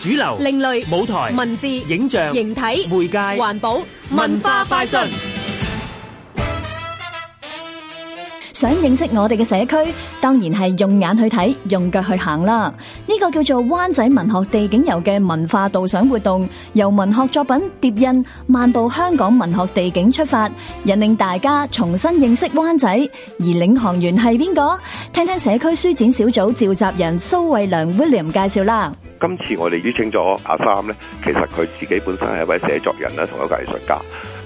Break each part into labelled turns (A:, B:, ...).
A: 主流、另類、舞台、文字、影像、形體、媒介、環保、文化快訊。想認識我哋嘅社區，當然係用眼去睇，用腳去行啦。呢個叫做灣仔文學地景遊嘅文化導賞活動，由文學作品疊印漫步香港文學地景出發，引領大家重新認識灣仔。而領航員係邊個？聽聽社區書展小組召集人蘇慧良 William 介紹啦。
B: 今次我哋邀請咗阿三呢其實佢自己本身係一位寫作人啦，同一個藝術家，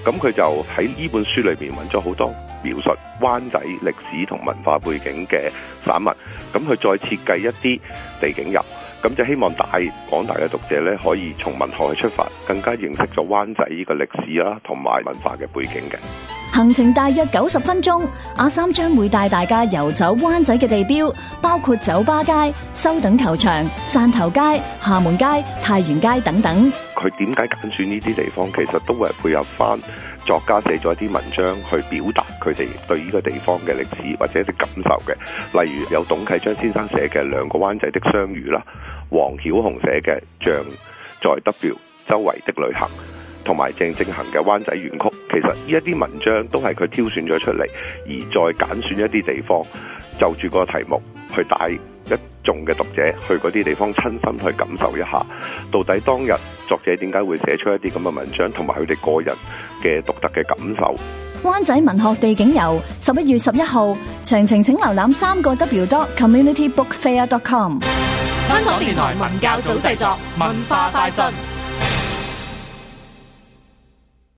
B: 咁佢就喺呢本書裏面揾咗好多描述灣仔歷史同文化背景嘅散文，咁佢再設計一啲地景遊，咁就希望大廣大嘅讀者呢，可以從文學去出發，更加認識咗灣仔呢個歷史啦，同埋文化嘅背景嘅。
A: 行程大約九十分鐘，阿三將會帶大家遊走灣仔嘅地標，包括酒吧街、修頓球場、汕頭街、廈門街、太原街等等。
B: 佢點解揀選呢啲地方？其實都係配合返作家寫咗啲文章去表達佢哋對呢個地方嘅歷史或者啲感受嘅。例如有董啟章先生寫嘅《兩個灣仔的相遇》啦，黃曉紅寫嘅《像在 W 周圍的旅行》。同埋鄭正行嘅《灣仔圓曲》，其實呢一啲文章都係佢挑選咗出嚟，而再揀選一啲地方，就住嗰個題目去帶一眾嘅讀者去嗰啲地方親身去感受一下，到底當日作者點解會寫出一啲咁嘅文章，同埋佢哋個人嘅獨特嘅感受。
A: 灣仔文學地景遊，十一月十一號，詳情請瀏覽三個 W dot community bookfair dot com。香
B: 港電台文教組製作，文化快訊。